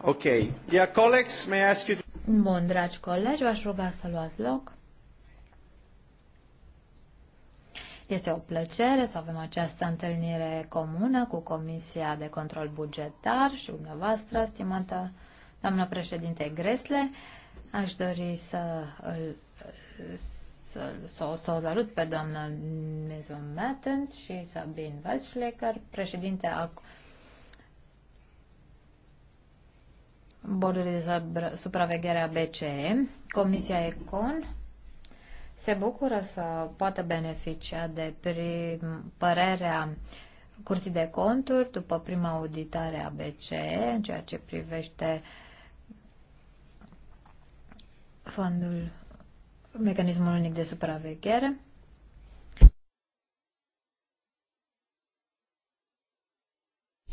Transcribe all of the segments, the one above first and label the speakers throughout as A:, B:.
A: Ok. Dear colleagues, may I ask you... Bun, dragi colegi, v-aș ruga să luați loc. Este o plăcere să avem această întâlnire comună cu Comisia de Control Bugetar și dumneavoastră, stimată doamnă președinte Gresle. Aș dori să îl să, să o salut pe doamna Mizum Mattens și Sabine Weizschlecker, președinte a Bordului de supraveghere a BCE, Comisia Econ, se bucură să poată beneficia de prim, părerea cursii de conturi după prima auditare a BCE în ceea ce privește fondul mecanismul unic de supraveghere.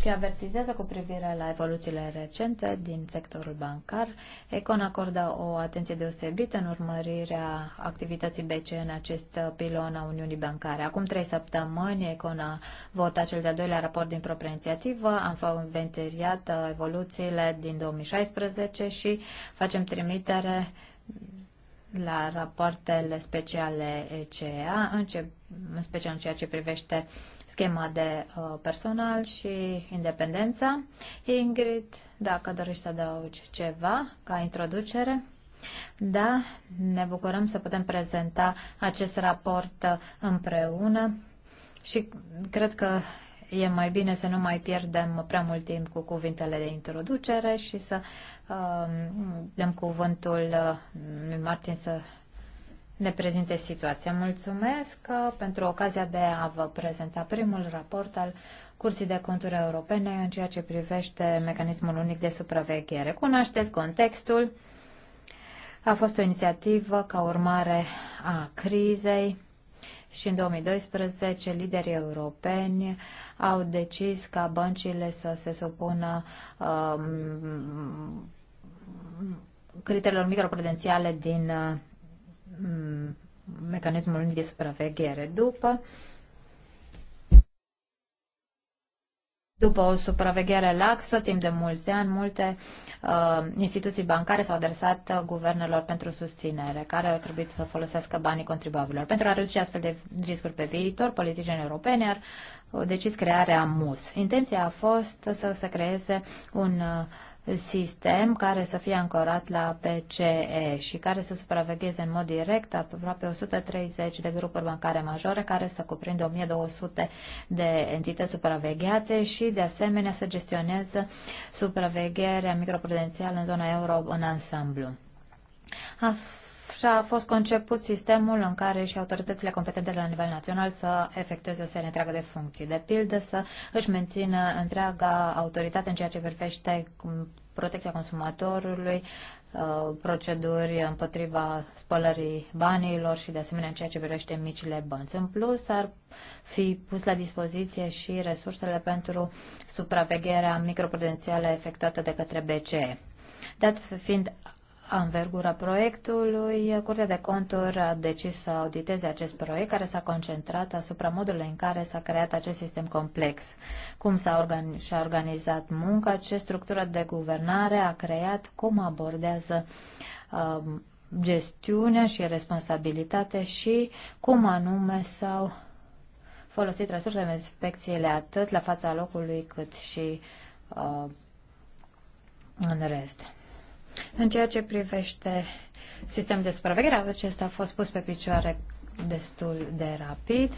A: și avertizează cu privire la evoluțiile recente din sectorul bancar. Econ acordă o atenție deosebită în urmărirea activității BCE în acest pilon a Uniunii Bancare. Acum trei săptămâni, Econ a votat cel de-al doilea raport din propria inițiativă, am făcut inventariat evoluțiile din 2016 și facem trimitere la rapoartele speciale ECEA, în, ce, în special în ceea ce privește schema de uh, personal și independența. Ingrid, dacă dorești să adaugi ceva ca introducere. Da, ne bucurăm să putem prezenta acest raport uh, împreună și cred că e mai bine să nu mai pierdem prea mult timp cu cuvintele de introducere și să uh, dăm cuvântul uh, Martin să ne prezinte situația. Mulțumesc uh, pentru ocazia de a vă prezenta primul raport al Curții de Conturi Europene în ceea ce privește mecanismul unic de supraveghere. Cunoașteți contextul. A fost o inițiativă ca urmare a crizei și în 2012 liderii europeni au decis ca băncile să se supună um, criteriilor microprudențiale din um, mecanismul de supraveghere. După După o supraveghere laxă, timp de mulți ani, multe uh, instituții bancare s-au adresat uh, guvernelor pentru susținere, care au trebuit să folosească banii contribuabililor. Pentru a reduce astfel de riscuri pe viitor, politicienii europeni ar uh, decis crearea MUS. Intenția a fost să se creeze un uh, sistem care să fie ancorat la PCE și care să supravegheze în mod direct aproape 130 de grupuri bancare majore care să cuprindă 1200 de entități supravegheate și de asemenea să gestioneze supravegherea microprudențială în zona euro în ansamblu așa a fost conceput sistemul în care și autoritățile competente la nivel național să efectueze o serie întreagă de funcții. De pildă, să își mențină întreaga autoritate în ceea ce privește protecția consumatorului, uh, proceduri împotriva spălării banilor și de asemenea în ceea ce privește micile bănți. În plus, ar fi pus la dispoziție și resursele pentru supravegherea microprudențială efectuată de către BCE. Dat fiind anvergura proiectului, Curtea de Conturi a decis să auditeze acest proiect care s-a concentrat asupra modului în care s-a creat acest sistem complex, cum s-a organi- și-a organizat munca, ce structură de guvernare a creat, cum abordează uh, gestiunea și responsabilitatea și cum anume s-au folosit resursele inspecțiile atât la fața locului cât și uh, în rest. În ceea ce privește sistemul de supraveghere, acesta a fost pus pe picioare destul de rapid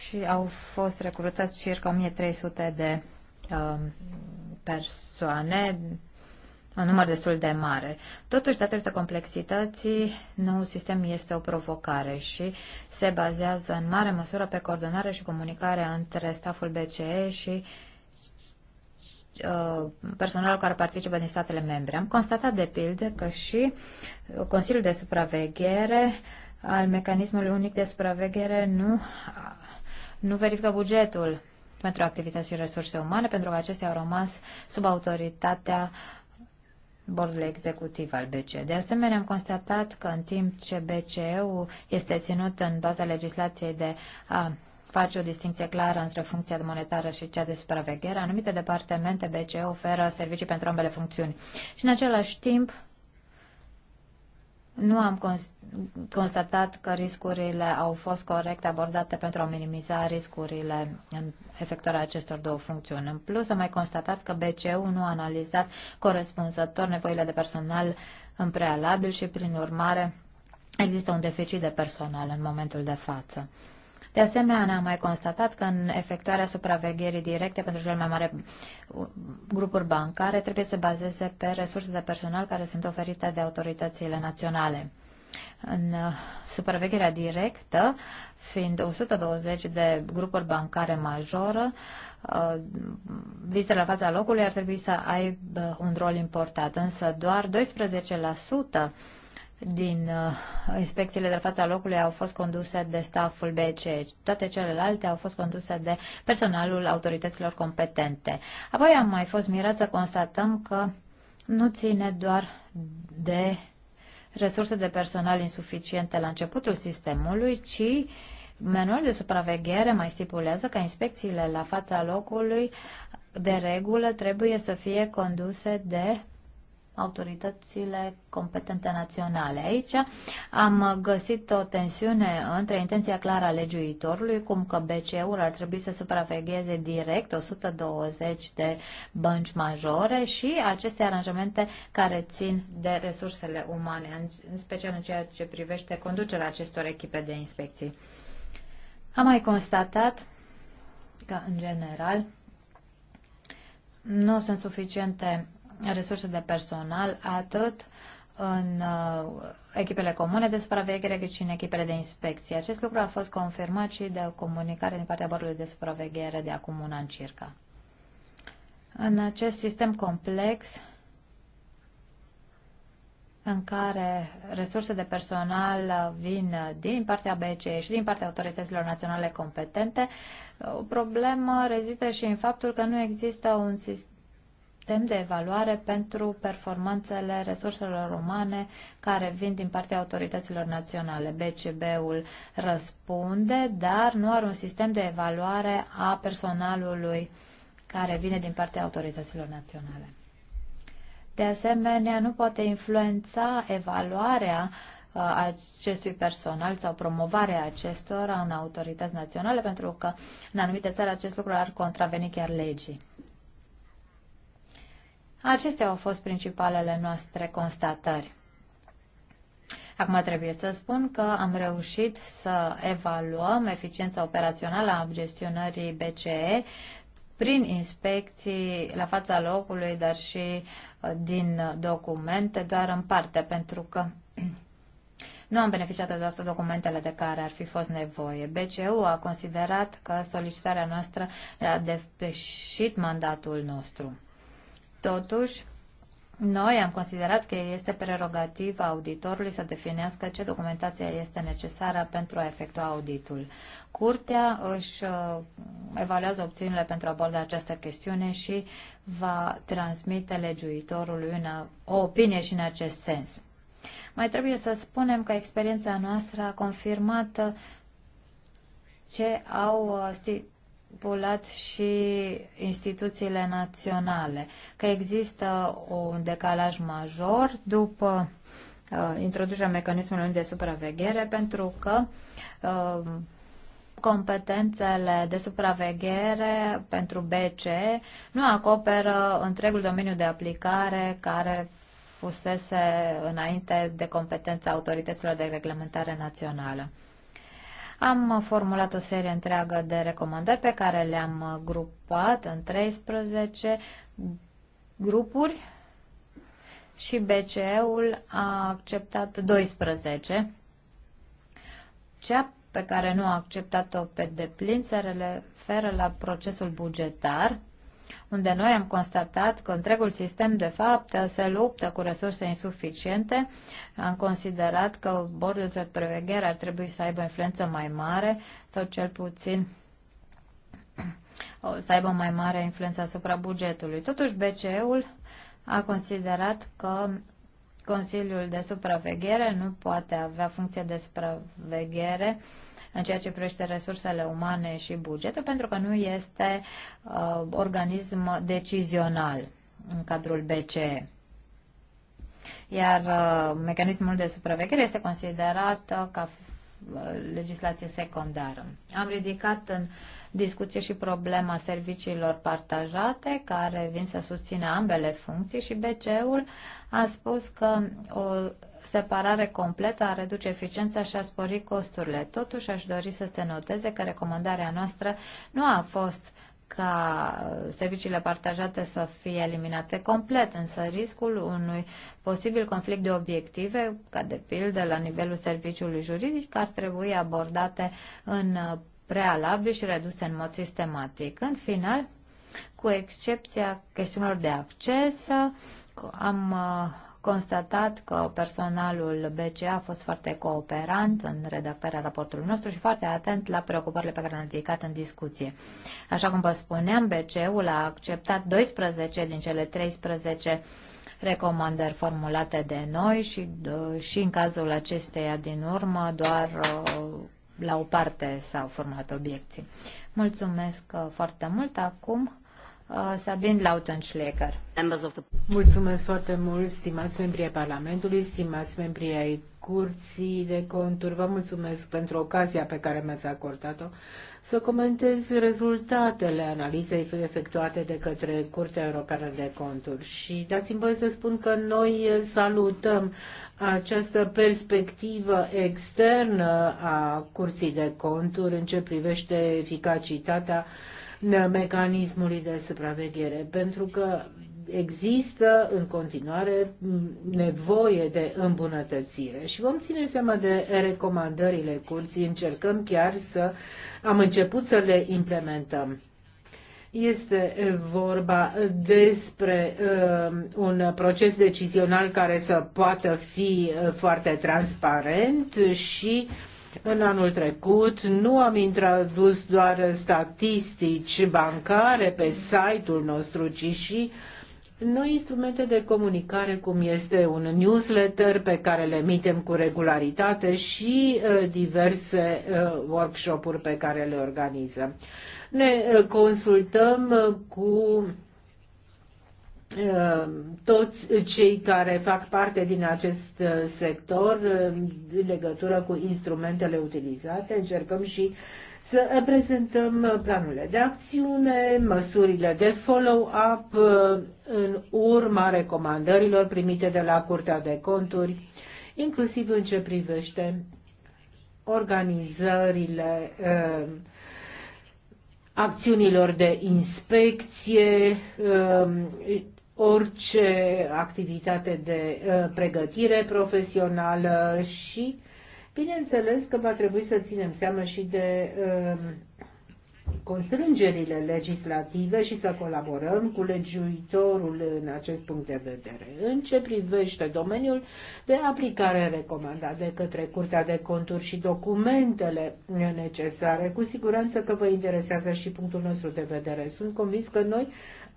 A: și au fost recrutați circa 1300 de um, persoane, un număr destul de mare. Totuși, datorită complexității, noul sistem este o provocare și se bazează în mare măsură pe coordonare și comunicare între staful BCE și Uh, personalul care participă din statele membre. Am constatat de pildă că și Consiliul de Supraveghere al Mecanismului Unic de Supraveghere nu, nu verifică bugetul pentru activități și resurse umane, pentru că acestea au rămas sub autoritatea bordului executiv al BCE. De asemenea, am constatat că în timp ce BCE-ul este ținut în baza legislației de a face o distinție clară între funcția de monetară și cea de supraveghere. Anumite departamente BCE oferă servicii pentru ambele funcțiuni. Și în același timp, nu am constatat că riscurile au fost corect abordate pentru a minimiza riscurile în efectuarea acestor două funcțiuni. În plus, am mai constatat că BCU nu a analizat corespunzător nevoile de personal în prealabil și, prin urmare, există un deficit de personal în momentul de față. De asemenea, am mai constatat că în efectuarea supravegherii directe pentru cele mai mari grupuri bancare trebuie să bazeze pe resurse de personal care sunt oferite de autoritățile naționale. În uh, supravegherea directă, fiind 120 de grupuri bancare majoră, uh, vizitele la fața locului ar trebui să aibă un rol important, însă doar 12% din uh, inspecțiile de fața locului au fost conduse de stafful BC. Toate celelalte au fost conduse de personalul autorităților competente. Apoi am mai fost mirat să constatăm că nu ține doar de resurse de personal insuficiente la începutul sistemului, ci manual de supraveghere mai stipulează că inspecțiile la fața locului de regulă trebuie să fie conduse de autoritățile competente naționale. Aici am găsit o tensiune între intenția clară a legiuitorului, cum că BCE-ul ar trebui să supravegheze direct 120 de bănci majore și aceste aranjamente care țin de resursele umane, în special în ceea ce privește conducerea acestor echipe de inspecții. Am mai constatat că, în general, nu sunt suficiente resurse de personal atât în uh, echipele comune de supraveghere, cât și în echipele de inspecție. Acest lucru a fost confirmat și de o comunicare din partea Bordului de Supraveghere de acum un an circa. În acest sistem complex, în care resurse de personal vin din partea BCE și din partea autorităților naționale competente, o problemă rezită și în faptul că nu există un sistem sistem de evaluare pentru performanțele resurselor umane care vin din partea autorităților naționale. BCB-ul răspunde, dar nu are un sistem de evaluare a personalului care vine din partea autorităților naționale. De asemenea, nu poate influența evaluarea uh, acestui personal sau promovarea acestora în autorități naționale, pentru că în anumite țări acest lucru ar contraveni chiar legii. Acestea au fost principalele noastre constatări. Acum trebuie să spun că am reușit să evaluăm eficiența operațională a gestionării BCE prin inspecții la fața locului, dar și uh, din documente, doar în parte, pentru că nu am beneficiat de toate documentele de care ar fi fost nevoie. BCU a considerat că solicitarea noastră a depășit mandatul nostru. Totuși, noi am considerat că este prerogativa auditorului să definească ce documentație este necesară pentru a efectua auditul. Curtea își uh, evaluează opțiunile pentru a aborda această chestiune și va transmite legiuitorului una, o opinie și în acest sens. Mai trebuie să spunem că experiența noastră a confirmat ce au uh, manipulat și instituțiile naționale, că există un decalaj major după uh, introducerea mecanismului de supraveghere, pentru că uh, competențele de supraveghere pentru BC nu acoperă întregul domeniu de aplicare care fusese înainte de competența autorităților de reglementare națională. Am formulat o serie întreagă de recomandări pe care le-am grupat în 13 grupuri și BCE-ul a acceptat 12. Cea pe care nu a acceptat-o pe deplin se referă la procesul bugetar unde noi am constatat că întregul sistem, de fapt, se luptă cu resurse insuficiente. Am considerat că bordul de preveghere ar trebui să aibă influență mai mare sau cel puțin să aibă mai mare influență asupra bugetului. Totuși, BCE-ul a considerat că Consiliul de Supraveghere nu poate avea funcție de supraveghere în ceea ce privește resursele umane și bugetul, pentru că nu este uh, organism decizional în cadrul BCE. Iar uh, mecanismul de supraveghere este considerat uh, ca uh, legislație secundară. Am ridicat în discuție și problema serviciilor partajate, care vin să susțină ambele funcții și BCE-ul a spus că o separare completă a reduce eficiența și a spori costurile. Totuși, aș dori să se noteze că recomandarea noastră nu a fost ca serviciile partajate să fie eliminate complet, însă riscul unui posibil conflict de obiective, ca de pildă la nivelul serviciului juridic, ar trebui abordate în prealabil și reduse în mod sistematic. În final, cu excepția chestiunilor de acces, am constatat că personalul BCE a fost foarte cooperant în redactarea raportului nostru și foarte atent la preocupările pe care le-am ridicat în discuție. Așa cum vă spuneam, BCE-ul a acceptat 12 din cele 13 recomandări formulate de noi și, uh, și în cazul acesteia din urmă doar uh, la o parte s-au format obiecții. Mulțumesc uh, foarte mult. Acum Uh, Sabine Lautenschläger. Mulțumesc foarte mult, stimați membri ai Parlamentului, stimați membri ai
B: Curții de Conturi. Vă mulțumesc pentru ocazia pe care mi-ați acordat-o să comentez rezultatele analizei efectuate de către Curtea Europeană de Conturi. Și dați-mi voie să spun că noi salutăm această perspectivă externă a Curții de Conturi în ce privește eficacitatea uh, mecanismului de supraveghere, pentru că există în continuare nevoie de îmbunătățire și vom ține seama de recomandările curții, încercăm chiar să am început să le implementăm. Este vorba despre uh, un proces decizional care să poată fi uh, foarte transparent și în anul trecut nu am introdus doar statistici bancare pe site-ul nostru, ci și noi instrumente de comunicare, cum este un newsletter pe care le emitem cu regularitate și uh, diverse uh, workshop-uri pe care le organizăm. Ne uh, consultăm cu Uh, toți cei care fac parte din acest uh, sector uh, în legătură cu instrumentele utilizate. Încercăm și să prezentăm planurile de acțiune, măsurile de follow-up în urma recomandărilor primite de la Curtea de Conturi, inclusiv în ce privește organizările acțiunilor de inspecție, orice activitate de uh, pregătire profesională și, bineînțeles, că va trebui să ținem seama și de um, constrângerile legislative și să colaborăm cu legiuitorul în acest punct de vedere. În ce privește domeniul de aplicare recomandat de către Curtea de Conturi și documentele necesare, cu siguranță că vă interesează și punctul nostru de vedere. Sunt convins că noi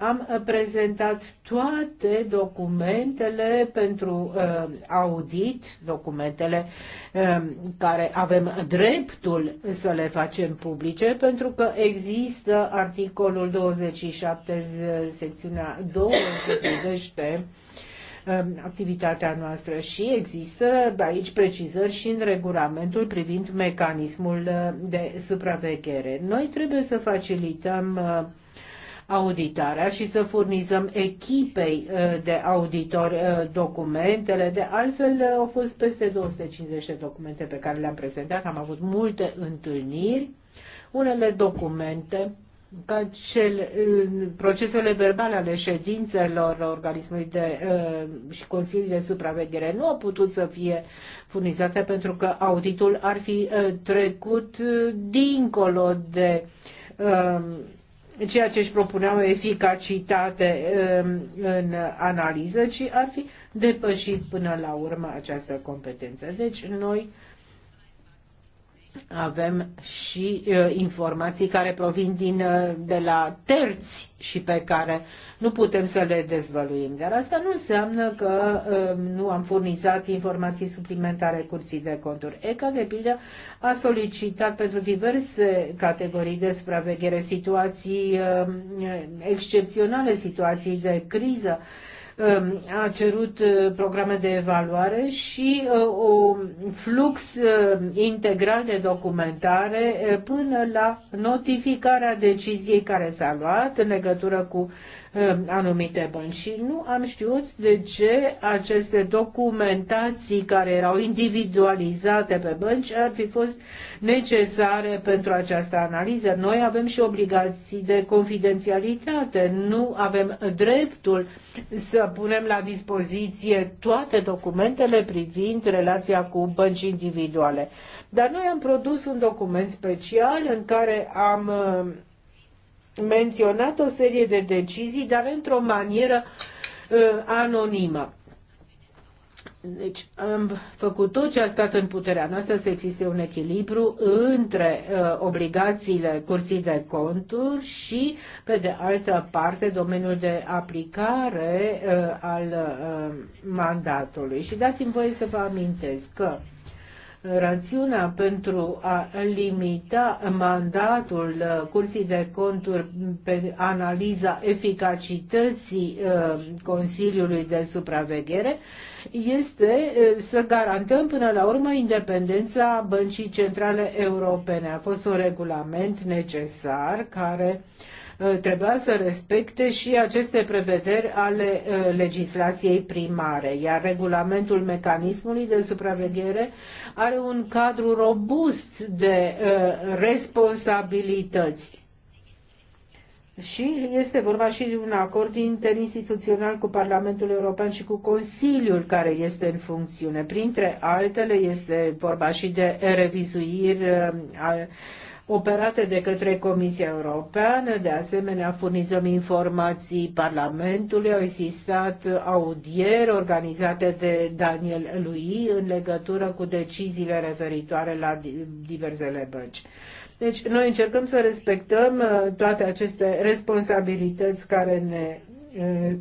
B: am uh, prezentat toate documentele pentru uh, audit, documentele uh, care avem dreptul să le facem publice, pentru că există articolul 27, secțiunea 2, de um, activitatea noastră și există aici precizări și în regulamentul privind mecanismul uh, de supraveghere. Noi trebuie să facilităm uh, auditarea și să furnizăm echipei uh, de auditori uh, documentele. De altfel, uh, au fost peste 250 de documente pe care le-am prezentat, am avut multe întâlniri, unele documente ca cel, procesele verbale ale ședințelor organismului de, și Consiliului de Supraveghere nu au putut să fie furnizate pentru că auditul ar fi trecut dincolo de ceea ce își propuneau eficacitate um, în analiză, ci ar fi depășit până la urmă această competență. Deci noi avem și uh, informații care provin din, uh, de la terți și pe care nu putem să le dezvăluim. Dar asta nu înseamnă că uh, nu am furnizat informații suplimentare curții de conturi. ECA, de pildă, a solicitat pentru diverse categorii de supraveghere situații uh, excepționale, situații de criză. Uh, Um, a cerut uh, programe de evaluare și un uh, flux uh, integral de documentare până la notificarea deciziei care s-a luat în legătură cu Um, anumite bănci și nu am știut de ce aceste documentații care erau individualizate pe bănci ar fi fost necesare pentru această analiză. Noi avem și obligații de confidențialitate, nu avem dreptul să punem la dispoziție toate documentele privind relația cu bănci individuale. Dar noi am produs un document special în care am um, menționat o serie de decizii, dar într-o manieră uh, anonimă. Deci am făcut tot ce a stat în puterea noastră să existe un echilibru între uh, obligațiile curții de conturi și, pe de altă parte, domeniul de aplicare uh, al uh, mandatului. Și dați-mi voie să vă amintesc că rațiunea pentru a limita mandatul uh, Curții de Conturi pe analiza eficacității uh, Consiliului de Supraveghere este uh, să garantăm până la urmă independența Băncii Centrale Europene. A fost un regulament necesar care uh, Uh, trebuia să respecte și aceste prevederi ale uh, legislației primare, iar regulamentul mecanismului de supraveghere are un cadru robust de uh, responsabilități. Și este vorba și de un acord interinstituțional cu Parlamentul European și cu Consiliul care este în funcțiune. Printre altele este vorba și de revizuiri operate de către Comisia Europeană. De asemenea, furnizăm informații Parlamentului. Au existat audieri organizate de Daniel Lui în legătură cu deciziile referitoare la diversele băci. Deci, noi încercăm să respectăm uh, toate aceste responsabilități care ne uh,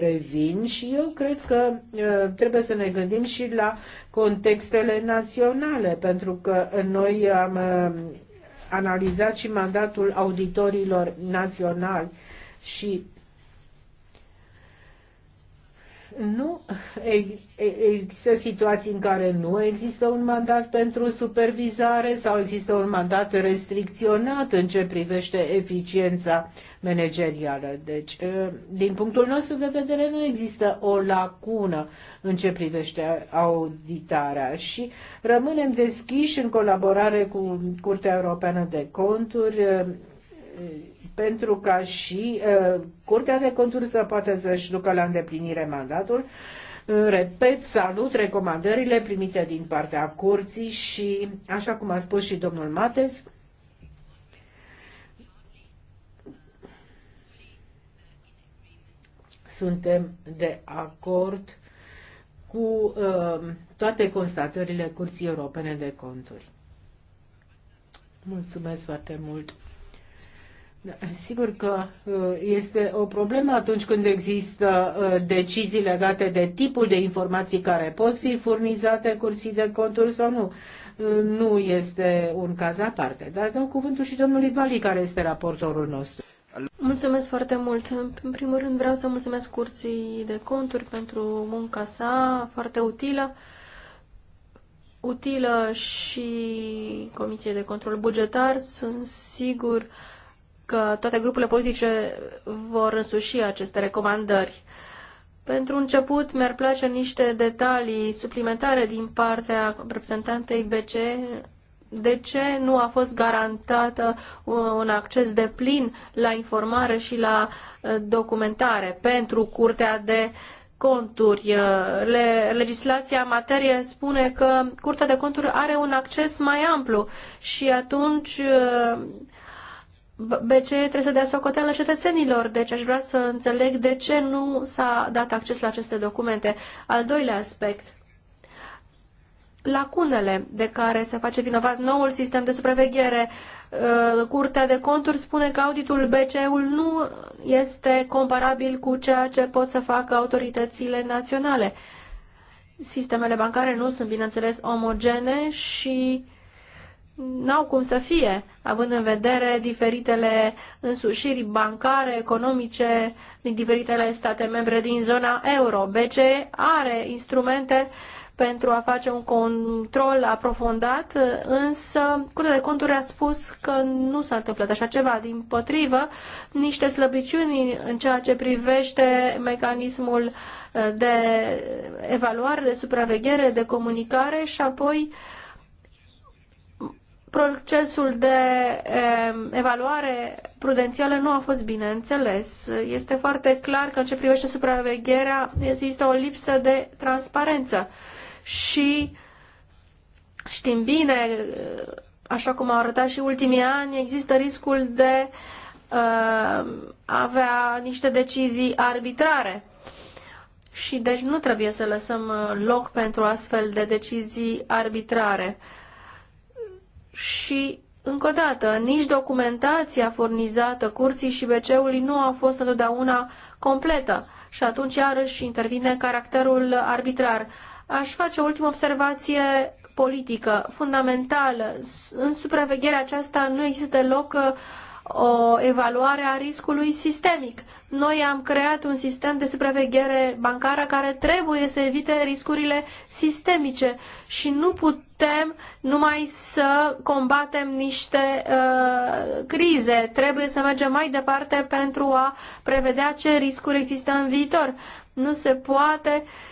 B: revin și eu cred că uh, trebuie să ne gândim și la contextele naționale, pentru că noi am uh, analizat și mandatul auditorilor naționali și nu există situații în care nu există un mandat pentru supervizare sau există un mandat restricționat în ce privește eficiența managerială. Deci, din punctul nostru de vedere, nu există o lacună în ce privește auditarea și rămânem deschiși în colaborare cu Curtea Europeană de Conturi pentru ca și uh, Curtea de Conturi să poată să-și ducă la îndeplinire mandatul. Uh, repet, salut recomandările primite din partea curții și, așa cum a spus și domnul Mates, suntem de acord cu uh, toate constatările Curții Europene de Conturi. Mulțumesc foarte mult. Da, sigur că uh, este o problemă atunci când există uh, decizii legate de tipul de informații care pot fi furnizate cursii de conturi sau nu. Uh, nu este un caz aparte. Dar dau cuvântul și domnului Vali, care este raportorul nostru.
C: Mulțumesc foarte mult. În primul rând vreau să mulțumesc curții de conturi pentru munca sa foarte utilă utilă și Comisiei de Control Bugetar. Sunt sigur că toate grupurile politice vor însuși aceste recomandări. Pentru început, mi-ar place niște detalii suplimentare din partea reprezentantei BC. De ce nu a fost garantată uh, un acces de plin la informare și la uh, documentare pentru Curtea de Conturi? Uh, le, legislația în materie spune că Curtea de Conturi are un acces mai amplu și atunci BCE trebuie să dea socoteală cetățenilor, deci aș vrea să înțeleg de ce nu s-a dat acces la aceste documente. Al doilea aspect, lacunele de care se face vinovat noul sistem de supraveghere. Uh, Curtea de conturi spune că auditul BCE-ul nu este comparabil cu ceea ce pot să facă autoritățile naționale. Sistemele bancare nu sunt, bineînțeles, omogene și uh, n-au cum să fie, având în vedere diferitele însușiri bancare, economice din diferitele state membre din zona euro. BCE are instrumente pentru a face un control aprofundat, însă Curtea de Conturi a spus că nu s-a întâmplat așa ceva. Din potrivă, niște slăbiciuni în ceea ce privește mecanismul eh, de evaluare, de supraveghere, de comunicare și apoi uh, procesul de evaluare prudențială nu a fost bine înțeles. Este foarte clar că în ce privește supravegherea există o lipsă de transparență și știm bine, așa cum au arătat și ultimii ani, există riscul de uh, avea niște decizii arbitrare. Și deci nu trebuie să lăsăm loc pentru astfel de decizii arbitrare. Uh, și, încă o dată, nici documentația furnizată curții și BC-ului nu a fost întotdeauna completă și atunci iarăși intervine caracterul arbitrar. Aș face o ultimă observație politică fundamentală. În supravegherea aceasta nu există loc uh, o evaluare a riscului sistemic. Noi am creat un sistem de supraveghere bancară care trebuie să evite riscurile sistemice și nu putem numai să combatem niște uh, crize. Trebuie să mergem mai departe pentru a prevedea ce riscuri există în viitor. Nu se poate uh,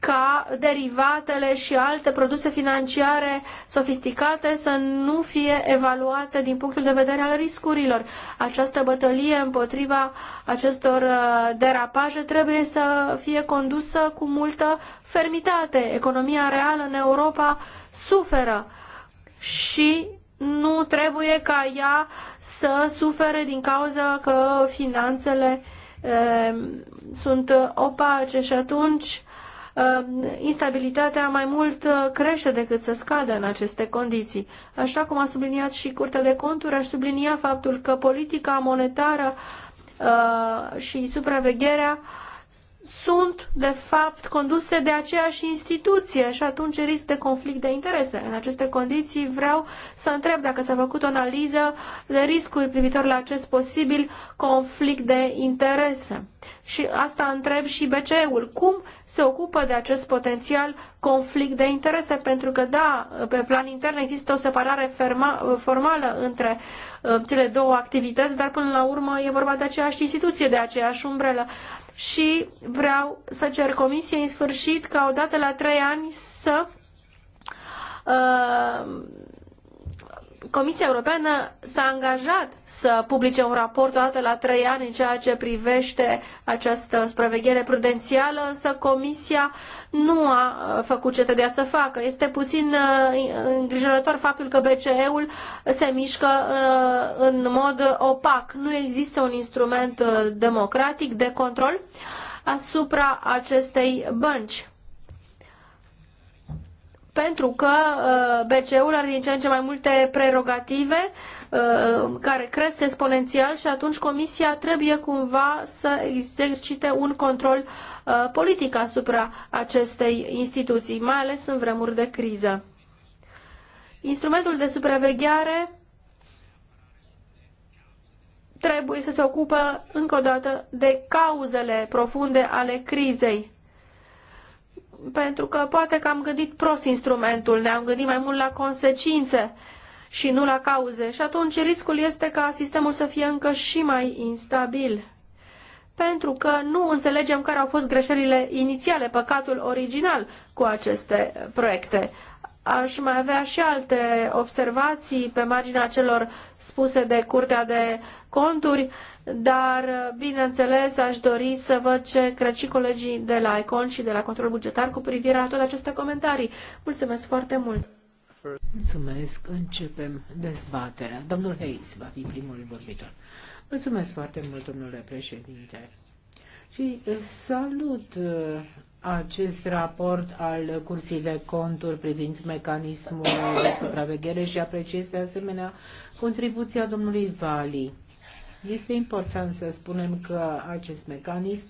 C: ca derivatele și alte produse financiare sofisticate să nu fie evaluate din punctul de vedere al riscurilor. Această bătălie împotriva acestor uh, derapaje trebuie să fie condusă cu multă fermitate. Economia reală în Europa suferă și nu trebuie ca ea să sufere din cauza că finanțele e, uh, sunt opace și atunci Um, instabilitatea mai mult uh, crește decât să scadă în aceste condiții. Așa cum a subliniat și Curtea de Conturi, aș sublinia faptul că politica monetară uh, și supravegherea uh, sunt, de fapt, conduse de aceeași instituție și atunci risc de conflict de interese. În aceste condiții vreau să întreb dacă s-a făcut o analiză de riscuri privitor la acest posibil conflict de interese. Și asta întreb și BCE-ul. Cum se ocupă de acest potențial conflict de interese? Pentru că, da, pe plan intern există o separare ferma, formală între uh, cele două activități, dar până la urmă e vorba de aceeași instituție, de aceeași umbrelă și vreau să cer comisiei în sfârșit ca odată la trei ani să uh, Comisia Europeană s-a angajat să publice un raport o dată la trei ani în ceea ce privește această supraveghere prudențială, însă Comisia nu a uh, făcut ce trebuia să facă. Este puțin uh, îngrijorător faptul că BCE-ul se mișcă uh, în mod opac. Nu există un instrument democratic de control asupra acestei bănci pentru că uh, BCE-ul are din ce în ce mai multe prerogative uh, care cresc exponențial și atunci Comisia trebuie cumva să exercite un control uh, politic asupra acestei instituții, mai ales în vremuri de criză. Instrumentul de supraveghere trebuie să se ocupe încă o dată de cauzele profunde ale crizei pentru că poate că am gândit prost instrumentul, ne-am gândit mai mult la consecințe și nu la cauze și atunci riscul este ca sistemul să fie încă și mai instabil pentru că nu înțelegem care au fost greșelile inițiale, păcatul original cu aceste proiecte aș mai avea și alte observații pe marginea celor spuse de Curtea de Conturi, dar, bineînțeles, aș dori să văd ce cred și colegii de la ECON și de la Control Bugetar cu privire la toate aceste comentarii. Mulțumesc foarte mult!
B: Mulțumesc! Începem dezbaterea. Domnul Hayes va fi primul vorbitor. Mulțumesc foarte mult, domnule președinte! Și uh, salut uh, acest raport al Curții de Conturi privind mecanismul de supraveghere și apreciez de asemenea contribuția domnului Vali. Este important să spunem că acest mecanism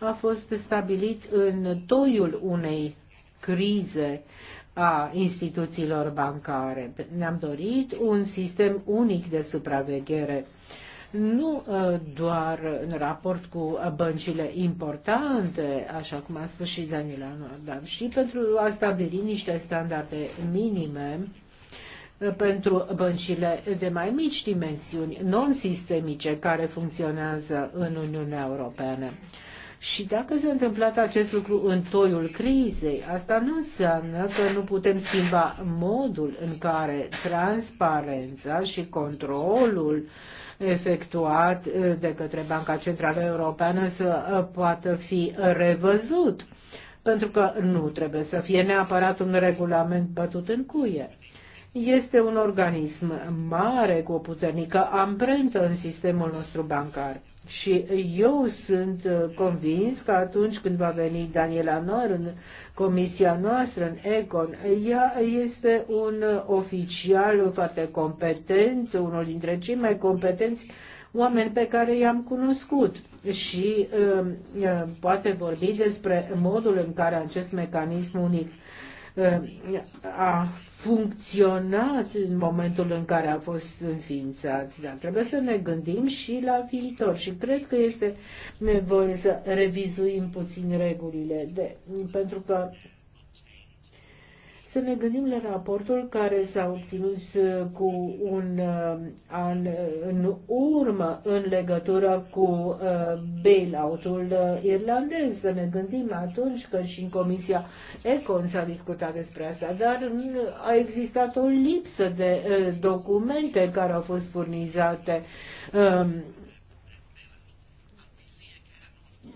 B: a fost stabilit în toiul unei crize a instituțiilor bancare. Ne-am dorit un sistem unic de supraveghere uh, nu uh, doar în raport cu băncile importante, așa cum a spus și Daniela Nordan, și pentru a stabili niște standarde minime uh, pentru băncile de mai mici dimensiuni, non-sistemice, care funcționează în Uniunea Europeană. Și dacă s-a întâmplat acest lucru în toiul crizei, asta nu înseamnă că nu putem schimba modul în care transparența și controlul efectuat eh, de către Banca Centrală Europeană să eh, poată fi revăzut, pentru că nu trebuie să fie neapărat un regulament bătut în cuie. Este un organism mare cu o puternică amprentă în sistemul nostru bancar. Și eu sunt uh, convins că atunci când va veni Daniela Nor în comisia noastră, în Econ, ea este un uh, oficial foarte competent, unul dintre cei mai competenți oameni pe care i-am cunoscut și uh, uh poate vorbi despre modul în care acest mecanism unic a funcționat în momentul în care a fost înființat. Dar trebuie să ne gândim și la viitor și cred că este nevoie să revizuim puțin regulile, de, pentru că să ne gândim la raportul care s-a obținut uh, cu un uh, an uh, în urmă în legătură cu bailout-ul irlandez. Să ne gândim atunci că și în Comisia Econ s-a discutat despre asta, dar mm, a existat o lipsă de documente care au fost furnizate um,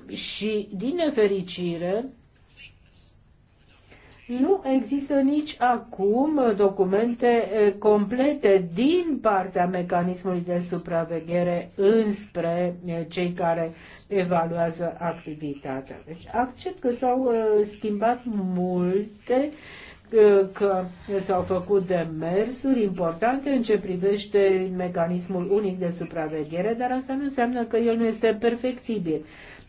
B: și, din nefericire, nu există nici acum documente eh, complete din partea mecanismului de supraveghere înspre eh, cei care evaluează activitatea. Deci accept că s-au eh, schimbat multe că s-au făcut demersuri importante în ce privește mecanismul unic de supraveghere, dar asta nu înseamnă că el nu este perfectibil.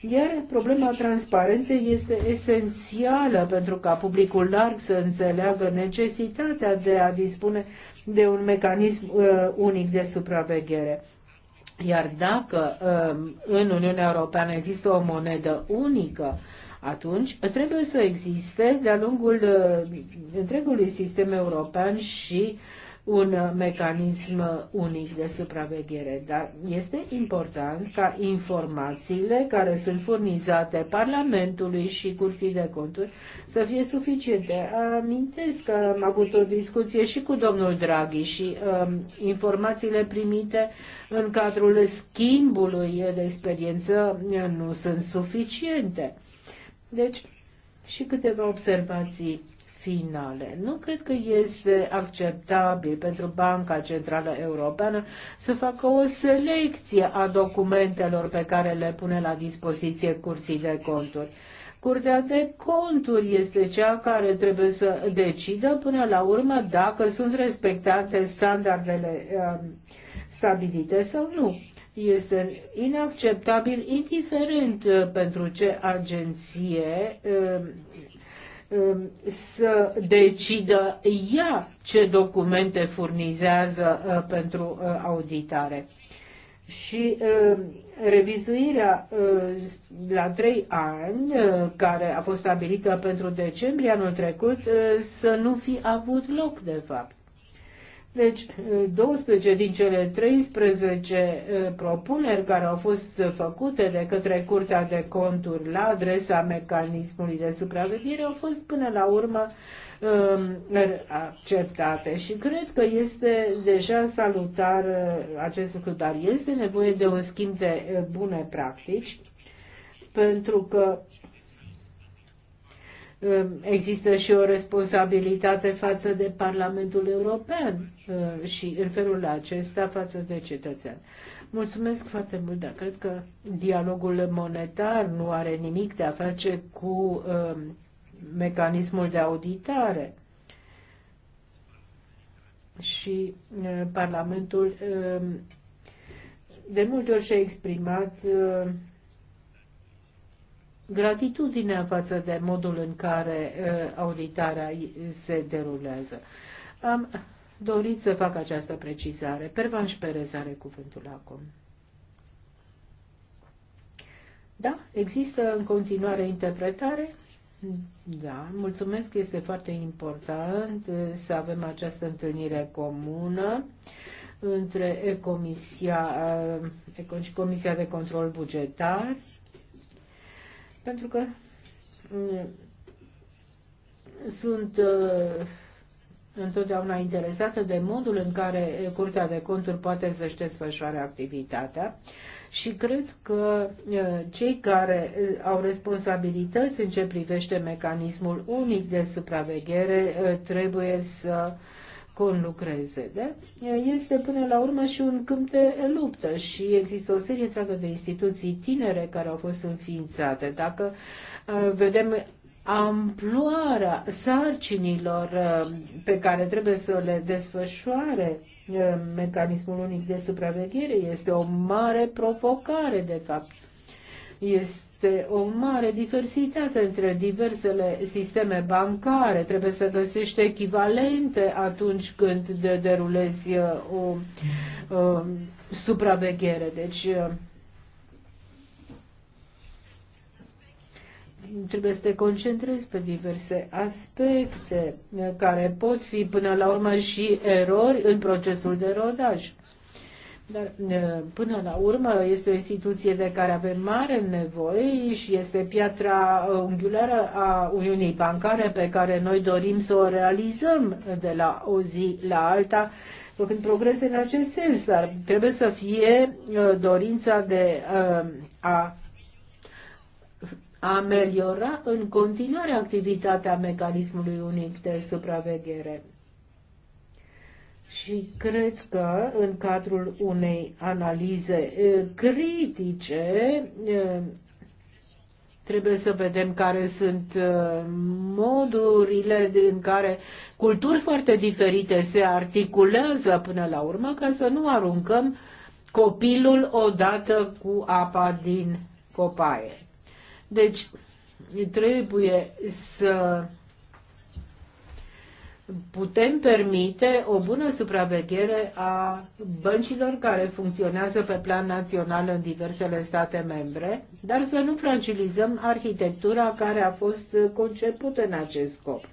B: Iar problema transparenței este esențială pentru ca publicul larg să înțeleagă necesitatea de a dispune de un mecanism uh, unic de supraveghere. Iar dacă uh, în Uniunea Europeană există o monedă unică, atunci trebuie să existe de-a lungul uh, întregului sistem european și uh, un mecanism unic de supraveghere, dar este important ca informațiile care sunt furnizate Parlamentului și cursii de conturi să fie suficiente. Amintesc că am avut o discuție și cu domnul Draghi și um, informațiile primite în cadrul schimbului de experiență nu sunt suficiente. Deci, și câteva observații finale. Nu cred că este acceptabil pentru Banca Centrală Europeană să facă o selecție a documentelor pe care le pune la dispoziție curții de conturi. Curtea de conturi este cea care trebuie să decidă până la urmă dacă sunt respectate standardele um, stabilite sau nu. Este inacceptabil, indiferent uh, pentru ce agenție um, Um, să decidă ea ce documente furnizează uh, pentru uh, auditare. Și um, revizuirea uh, la trei ani, care a fost stabilită pentru decembrie anul trecut, să nu fi avut loc, de fapt. Deci, 12 din cele 13 eh, propuneri care au fost făcute de către Curtea de Conturi la adresa mecanismului de supraveghere au fost până la urmă eh, acceptate și cred că este deja salutar eh, acest lucru, dar este nevoie de un schimb de bune practici pentru că Există și o responsabilitate față de Parlamentul European uh, și în felul acesta față de cetățean. Mulțumesc foarte mult, dar cred că dialogul monetar nu are nimic de a face cu uh, mecanismul de auditare și uh, Parlamentul de multe ori și-a exprimat gratitudinea față de modul în care uh, auditarea se derulează. Am dorit să fac această precizare. Pervanș Perez are cuvântul acum. Da, există în continuare interpretare? Da, mulțumesc, este foarte important uh, să avem această întâlnire comună între Comisia, uh, Comisia de Control Bugetar pentru că mm, sunt uh, întotdeauna interesată de modul în care Curtea de Conturi poate să-și desfășoare activitatea și cred că uh, cei care uh, au responsabilități în ce privește mecanismul unic de supraveghere trebuie să uh, conlucreze. Da? Este până la urmă și un câmp de luptă și există o serie întreagă de instituții tinere care au fost înființate. Dacă uh, vedem amploarea sarcinilor uh, pe care trebuie să le desfășoare uh, mecanismul unic de supraveghere este o mare provocare, de fapt. Este este o mare diversitate între diversele sisteme bancare. Trebuie să găsești echivalente atunci când de derulezi uh, o, o um, supraveghere. Deci uh, trebuie să te concentrezi pe diverse aspecte uh, care pot fi până la urmă și erori în procesul de rodaj. Dar până la urmă este o instituție de care avem mare nevoie și este piatra uh, unghiulară a Uniunii Bancare pe care noi dorim să o realizăm de la o zi la alta, făcând progrese în acest sens. Dar trebuie să fie uh, dorința de uh, a ameliora în continuare activitatea mecanismului unic de supraveghere și cred că în cadrul unei analize critice trebuie să vedem care sunt modurile în care culturi foarte diferite se articulează până la urmă ca să nu aruncăm copilul odată cu apa din copaie. Deci trebuie să putem permite o bună supraveghere a băncilor care funcționează pe plan național în diversele state membre, dar să nu fragilizăm arhitectura care a fost concepută în acest scop.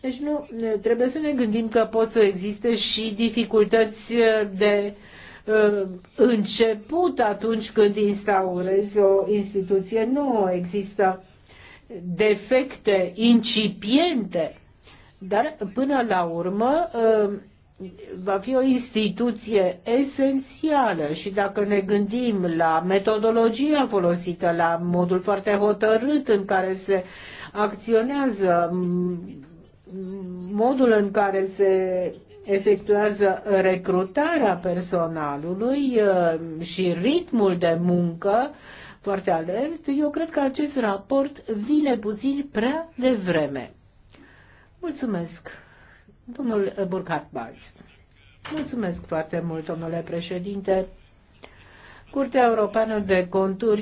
B: Deci nu, trebuie să ne gândim că pot să existe și dificultăți de uh, început atunci când instaurezi o instituție nouă. Există defecte incipiente dar, până la urmă, uh, va fi o instituție esențială și dacă ne gândim la metodologia folosită, la modul foarte hotărât în care se acționează, modul în care se efectuează recrutarea personalului uh, și ritmul de muncă foarte alert, eu cred că acest raport vine puțin prea devreme. Mulțumesc, domnul Burkhard Balz. Mulțumesc foarte mult, domnule președinte. Curtea Europeană de Conturi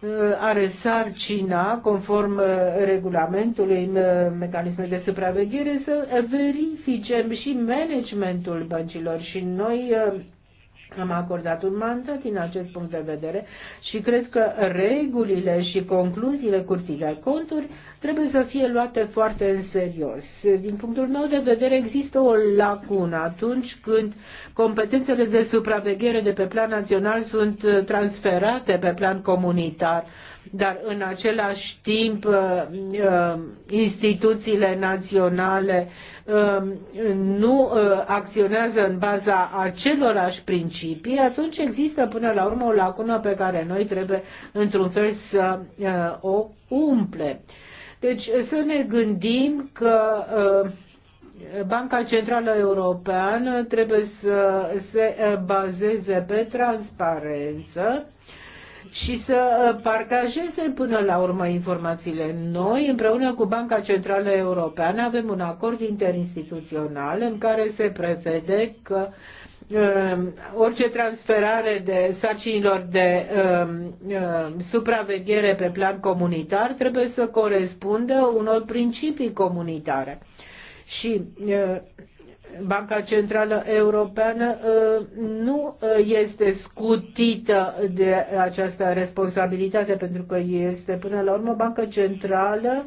B: uh, are sarcina, conform uh, regulamentului uh, mecanismului de supraveghere, să verificem și managementul băncilor și noi am acordat un mandat din acest punct de vedere și cred că regulile și concluziile curții de conturi trebuie să fie luate foarte în serios. Din punctul meu de vedere există o lacună atunci când competențele de supraveghere de pe plan național sunt transferate pe plan comunitar dar în același timp uh, uh, instituțiile naționale uh, nu acționează în baza acelorași principii, atunci există până la urmă o lacună pe care noi trebuie într-un fel să o umple. Deci să ne gândim că Banca Centrală Europeană trebuie să se bazeze pe transparență și să uh, partajeze până la urmă informațiile. Noi, împreună cu Banca Centrală Europeană, avem un acord interinstituțional în care se prevede că um, orice transferare de sarcinilor de um, um, supraveghere pe plan comunitar trebuie să corespundă unor principii comunitare. Și uh, Banca Centrală Europeană ă, nu ă, este scutită de această responsabilitate pentru că este până la urmă Banca Centrală ă,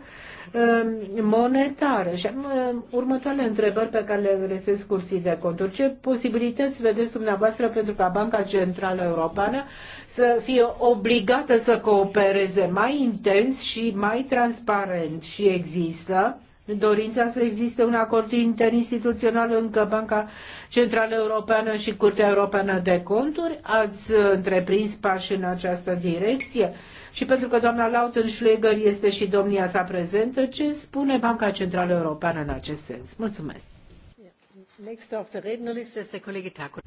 B: monetară. Și am următoarele întrebări pe care le adresez cursii de conturi. Ce posibilități vedeți dumneavoastră pentru ca Banca Centrală Europeană să fie obligată să coopereze mai intens și mai transparent și există? dorința să existe un acord interinstituțional încă Banca Centrală Europeană și Curtea Europeană de Conturi. Ați întreprins pași în această direcție? Și pentru că doamna Lautenschläger este și domnia sa prezentă, ce spune Banca Centrală Europeană în acest sens? Mulțumesc!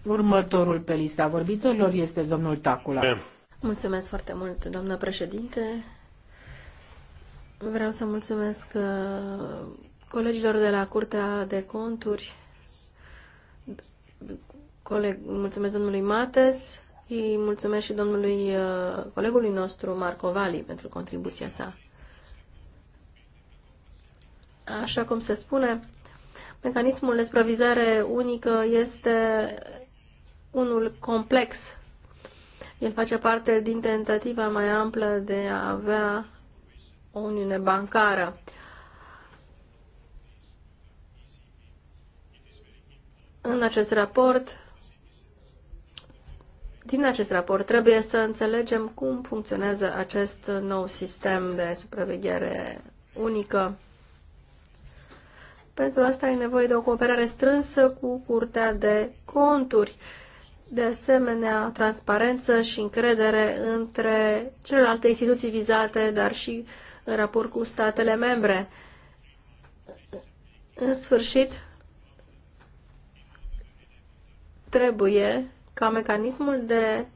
B: Următorul pe lista vorbitorilor este domnul Tacula.
C: Mulțumesc foarte mult, doamnă președinte. Vreau să mulțumesc uh, colegilor de la Curtea de Conturi, coleg, mulțumesc domnului Mates, îi mulțumesc și domnului uh, colegului nostru Marcovali pentru contribuția sa. Așa cum se spune, mecanismul de supravizare unică este unul complex. El face parte din tentativa mai amplă de a avea o uniune bancară. În acest raport, din acest raport trebuie să înțelegem cum funcționează acest nou sistem de supraveghere unică. Pentru asta e nevoie de o cooperare strânsă cu Curtea de Conturi. De asemenea, transparență și încredere între celelalte instituții vizate, dar și în raport cu statele membre. În sfârșit, trebuie ca mecanismul de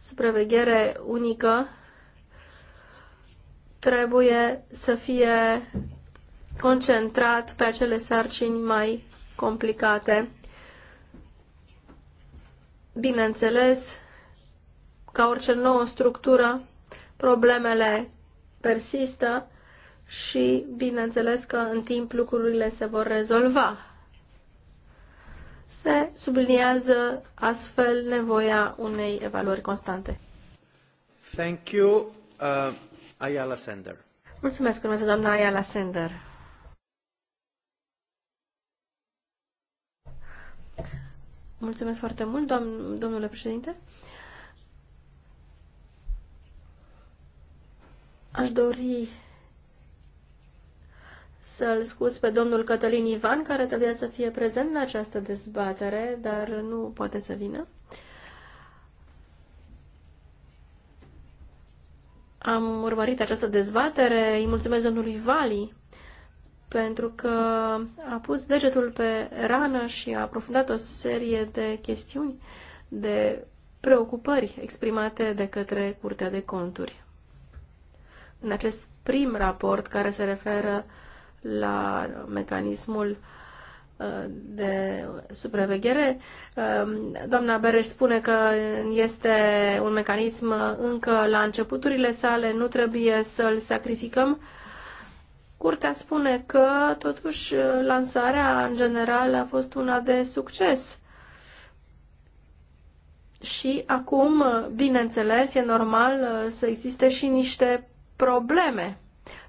C: supraveghere unică trebuie să fie concentrat pe acele sarcini mai complicate. Bineînțeles, ca orice nouă structură, problemele persistă și bineînțeles că în timp lucrurile se vor rezolva. Se subliniază astfel nevoia unei evaluări constante.
B: Thank you, uh, Ayala
A: Sender.
C: Mulțumesc, urmează doamna Ayala Sender. Mulțumesc foarte mult, domn domnule președinte. Uh, Aș dori să-l scuz pe domnul Cătălin Ivan, care trebuia să fie prezent la această dezbatere, dar nu poate să vină. Am urmărit această dezbatere, îi mulțumesc domnului Vali, pentru că a pus degetul pe rană și a aprofundat o serie de chestiuni, de preocupări exprimate de către Curtea de Conturi în acest prim raport care se referă la mecanismul uh, de supraveghere. Um, doamna Bereș spune că este un mecanism încă la începuturile sale, nu trebuie să-l sacrificăm. Curtea spune că, totuși, lansarea, în general, a fost una de succes. Și acum, bineînțeles, e normal uh, să existe și niște probleme,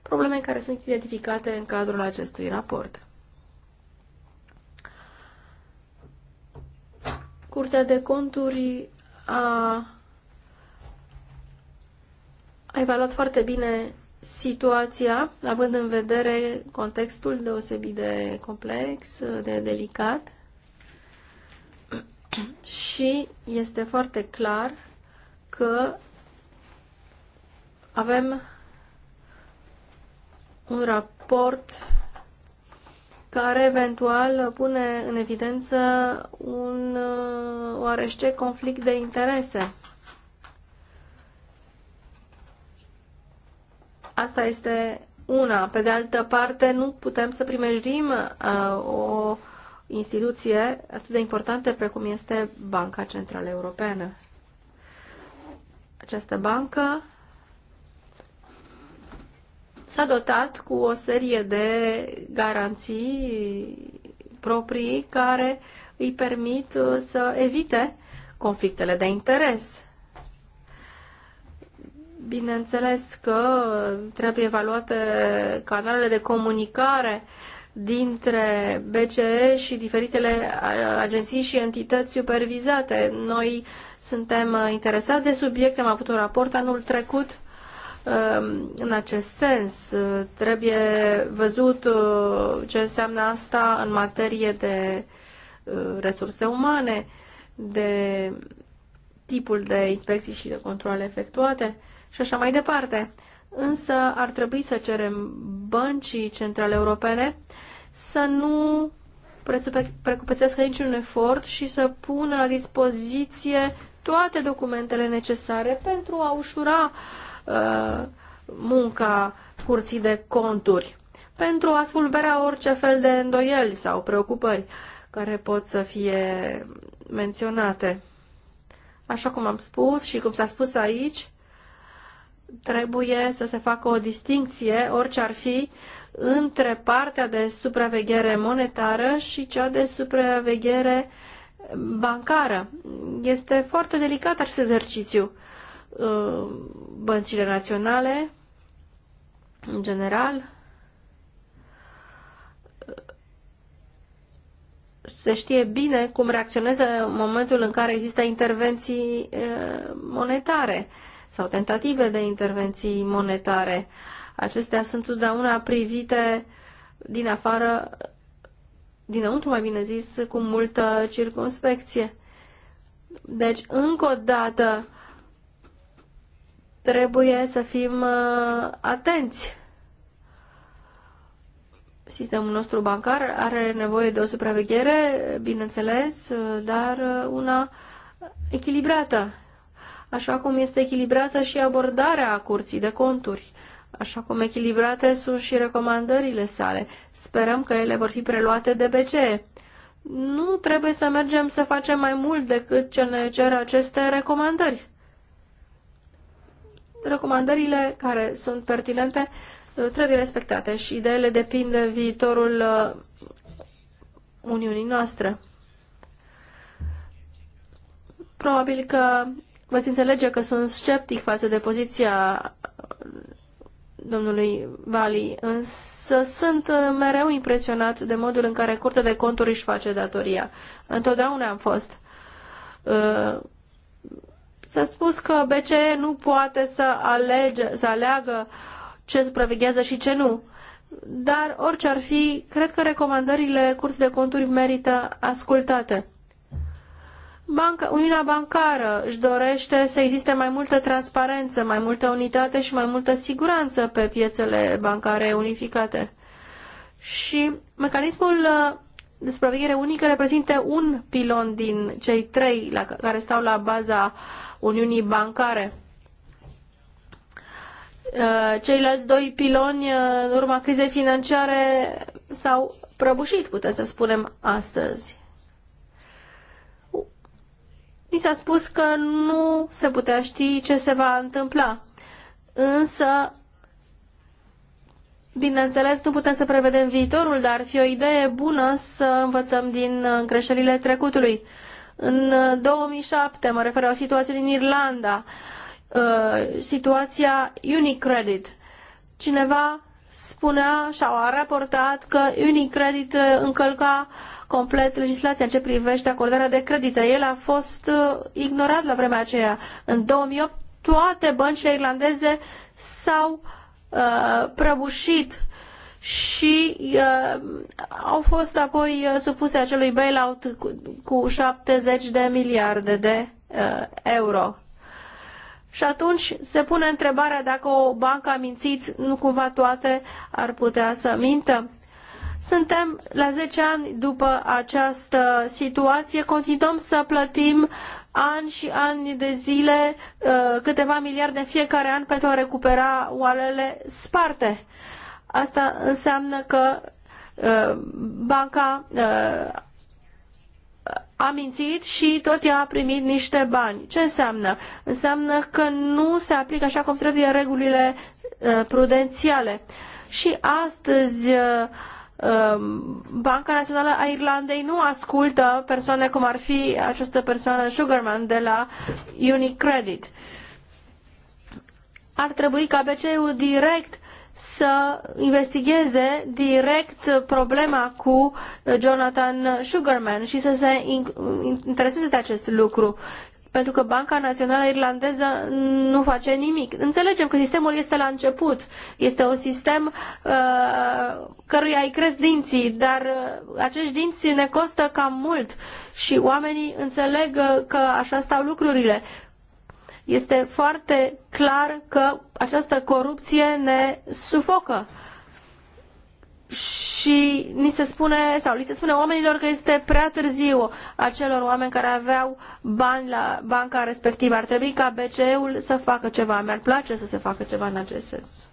C: probleme care sunt identificate în cadrul acestui raport. Curtea de conturi a, a evaluat foarte bine situația, având în vedere contextul deosebit de complex, de delicat și este foarte clar că avem un raport care eventual pune în evidență un uh, oarește conflict de interese. Asta este una. Pe de altă parte, nu putem să primejdim uh, o instituție atât de importantă precum este Banca Centrală Europeană. Această bancă s-a dotat cu o serie de garanții proprii care îi permit uh, să evite conflictele de interes. Bineînțeles că trebuie evaluate canalele de comunicare dintre BCE și diferitele uh, agenții și entități supervizate. Noi suntem uh, interesați de subiect, am avut un raport anul trecut Ehm, în acest sens. Eh, trebuie văzut eh, ce înseamnă asta în materie de eh, resurse umane, de tipul de inspecții și de controle efectuate și așa mai departe. Însă ar trebui să cerem băncii centrale europene să nu precupețească niciun efort și să pună la dispoziție toate documentele necesare pentru a ușura uh, Uh, munca curții de conturi pentru a spulbera orice fel de îndoieli sau preocupări care pot să fie menționate. Așa cum am spus și cum s-a spus aici, trebuie să se facă o distinție, orice ar fi, între partea de supraveghere monetară și cea de supraveghere bancară. Este foarte delicat acest exercițiu Uh, băncile naționale, în general. Se știe bine cum reacționează în momentul în care există intervenții uh, monetare sau tentative de intervenții monetare. Acestea sunt întotdeauna privite din afară, dinăuntru mai bine zis, cu multă circunspecție. Deci, încă o dată, trebuie să fim uh, atenți. Sistemul nostru bancar are nevoie de o supraveghere, bineînțeles, uh, dar uh, una echilibrată, așa cum este echilibrată și abordarea curții de conturi, așa cum echilibrate sunt și recomandările sale. Sperăm că ele vor fi preluate de BCE. Nu trebuie să mergem să facem mai mult decât ce ne cer aceste recomandări recomandările care sunt pertinente uh, trebuie respectate și de ele depinde viitorul uh, Uniunii noastre. Probabil că veți înțelege că sunt sceptic față de poziția uh, domnului Vali, însă sunt mereu impresionat de modul în care Curtea de Conturi își face datoria. Întotdeauna am fost uh, S-a spus că BCE nu poate să, alege, să aleagă ce supraveghează și ce nu. Dar orice ar fi, cred că recomandările curs de conturi merită ascultate. Banca, Uniunea Bancară își dorește să existe mai multă transparență, mai multă unitate și mai multă siguranță pe piețele bancare unificate. Și mecanismul uh, de supraveghere unică reprezintă un pilon din cei trei la care stau la baza Uniunii Bancare. Uh, ceilalți doi piloni, uh, în urma crizei financiare, s-au prăbușit, putem să spunem, astăzi. Ni s-a spus că nu se putea ști ce se va întâmpla, însă Bineînțeles, nu putem să prevedem viitorul, dar ar fi o idee bună să învățăm din uh, greșelile trecutului. În 2007, uh, mă refer la o situație din Irlanda, uh, situația Unicredit. Cineva spunea sau a raportat că Unicredit încălca complet legislația în ce privește acordarea de credite. El a fost ignorat la vremea aceea. În 2008, toate băncile irlandeze s-au uh, uh, prăbușit și uh, au fost apoi uh, supuse acelui bailout cu, cu 70 de miliarde de uh, euro. Și atunci se pune întrebarea dacă o bancă a mințit, nu cumva toate ar putea să mintă. Suntem la zece ani după această situație, continuăm să plătim ani și ani de zile, uh, câteva miliarde în fiecare an pentru a recupera oalele sparte. Asta înseamnă că uh, banca uh, a mințit și tot ea a primit niște bani. Ce înseamnă? Înseamnă că nu se aplică așa cum trebuie regulile prudențiale. Și astăzi Um, Banca Națională a Irlandei nu ascultă persoane cum ar fi această persoană Sugarman de la Unicredit. Ar trebui ca BCE-ul direct să investigheze direct problema cu Jonathan Sugarman și să se intereseze de acest lucru pentru că Banca Națională Irlandeză nu face nimic. Înțelegem că sistemul este la început, este un sistem uh, căruia îi cresc dinții, dar uh, acești dinți ne costă cam mult și oamenii înțeleg uh, că așa stau lucrurile. Este foarte clar că această corupție ne sufocă. Uh, și ni se spune, sau li se spune oamenilor că este prea târziu acelor oameni care aveau bani la banca respectivă. Ar trebui ca BCE-ul să facă ceva. Mi-ar place să se facă ceva în acest sens.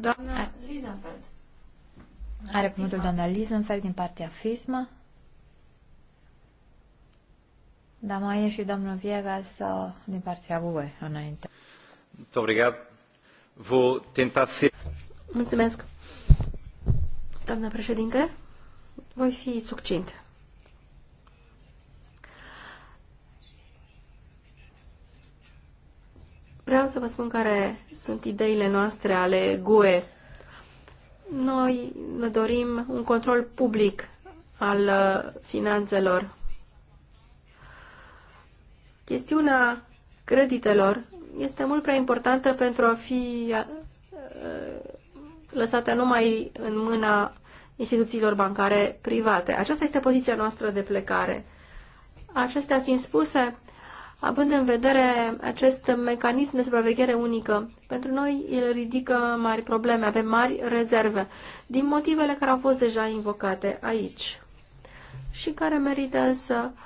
C: Doamna Lizenfeld.
A: Are cuvântul doamna Lizenfeld din partea FISMA. Dar mai e și domnul Viegas uh, din partea UE înainte. Obrigado. Mulțumesc.
C: voi fi succint. Vreau să vă spun care sunt ideile noastre ale GUE. Noi ne dorim un control public al uh, finanțelor. Chestiunea creditelor este mult prea importantă pentru a fi uh, lăsată numai în mâna instituțiilor bancare private. Aceasta este poziția noastră de plecare. Acestea fiind spuse, având în vedere acest mecanism de supraveghere unică, pentru noi el ridică mari probleme, avem mari rezerve, din motivele care au fost deja invocate aici și care merită să uh,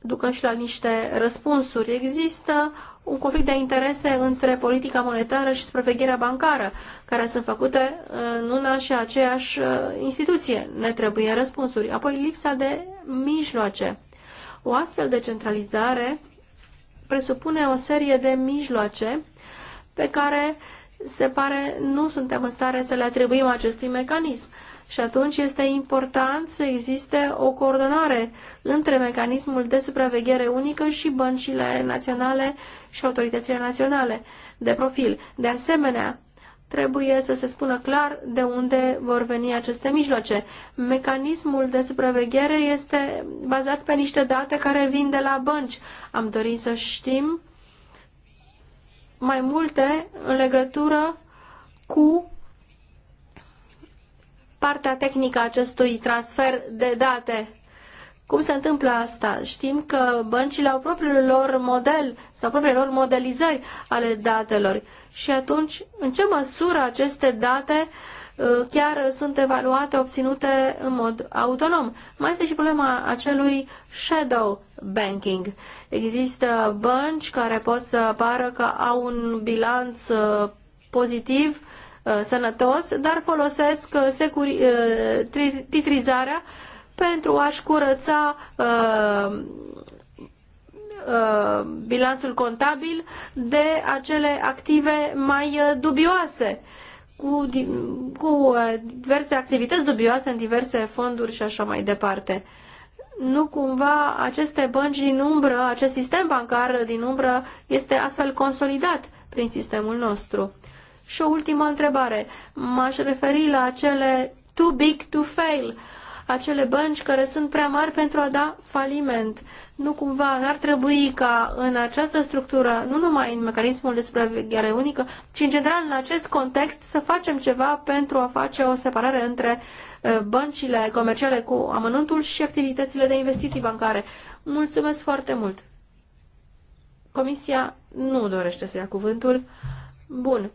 C: ducă și la niște răspunsuri. Există un conflict de interese între politica monetară și supravegherea bancară, care sunt făcute în una și aceeași uh, instituție. Ne trebuie răspunsuri. Apoi lipsa de mijloace. O astfel de centralizare presupune o serie de mijloace pe care se pare nu suntem în stare să le atribuim acestui mecanism și atunci este important să existe o coordonare între mecanismul de supraveghere unică și băncile naționale și autoritățile naționale de profil. De asemenea, trebuie să se spună clar de unde vor veni aceste mijloace. Mecanismul de supraveghere este bazat pe niște date care vin de la bănci. Am dorit să știm mai multe în legătură cu partea tehnică a acestui transfer de date. Cum se întâmplă asta? Știm că băncile au propriul lor model sau propriile lor modelizări ale datelor și atunci în ce măsură aceste date uh, chiar sunt evaluate, obținute în mod autonom. Mai este și problema acelui shadow banking. Există bănci care pot să pară că au un bilanț uh, pozitiv Uh, sănătos, dar folosesc uh, securi, uh, titrizarea pentru a-și curăța bilanțul contabil de acele active mai dubioase cu, cu diverse activități dubioase în diverse fonduri și așa mai departe. Nu cumva aceste bănci din umbră, acest sistem bancar din umbră este astfel consolidat prin sistemul nostru. Și o ultimă întrebare. M-aș referi la acele too big to fail, acele bănci care sunt prea mari pentru a da faliment. Nu cumva n-ar trebui ca în această structură, nu numai în mecanismul de supraveghere unică, ci în general în acest context să facem ceva pentru a face o separare între băncile comerciale cu amănuntul și activitățile de investiții bancare. Mulțumesc foarte mult! Comisia nu dorește să ia cuvântul. Bun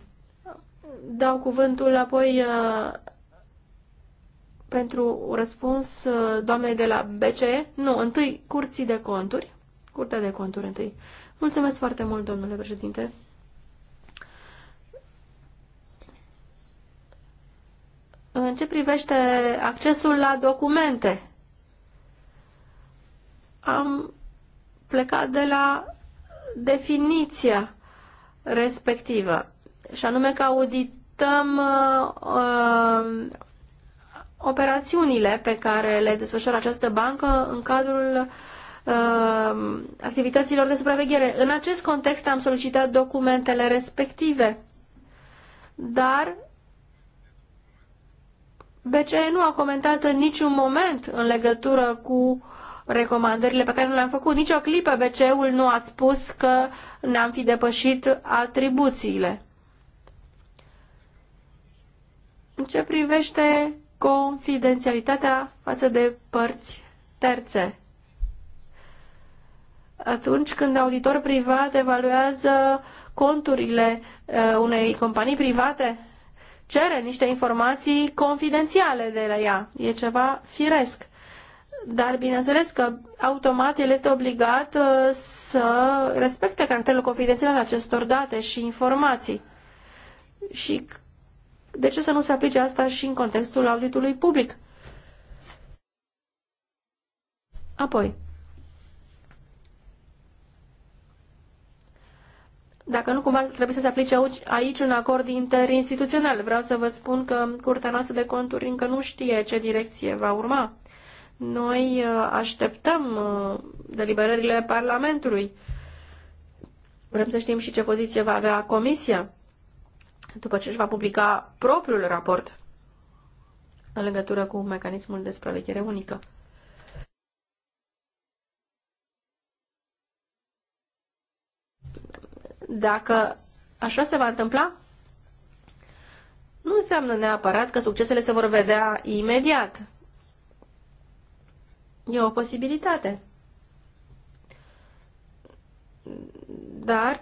C: dau cuvântul apoi uh, pentru răspuns uh, doamnei de la BCE. Nu, întâi curții de conturi. Curtea de conturi întâi. Mulțumesc foarte mult, domnule președinte. În ce privește accesul la documente, am plecat de la definiția respectivă și anume că audităm uh, operațiunile pe care le desfășoară această bancă în cadrul uh, activităților de supraveghere. În acest context am solicitat documentele respective, dar BCE nu a comentat în niciun moment în legătură cu recomandările pe care nu le-am făcut. Nici o clipă BCE-ul nu a spus că ne-am fi depășit atribuțiile. În ce privește confidențialitatea față de părți terțe. Atunci când auditor privat evaluează conturile uh, unei companii private, cere niște informații confidențiale de la ea. E ceva firesc. Dar bineînțeles că automat el este obligat uh, să respecte caracterul confidențial al acestor date și informații. Și de ce să nu se aplice asta și în contextul auditului public? Apoi, dacă nu cumva trebuie să se aplice aici un acord interinstituțional. Vreau să vă spun că Curtea noastră de conturi încă nu știe ce direcție va urma. Noi uh, așteptăm uh, deliberările Parlamentului. Vrem să știm și ce poziție va avea Comisia după ce își va publica propriul raport în legătură cu mecanismul de supraveghere unică. Dacă așa se va întâmpla, nu înseamnă neapărat că succesele se vor vedea imediat. E o posibilitate. Dar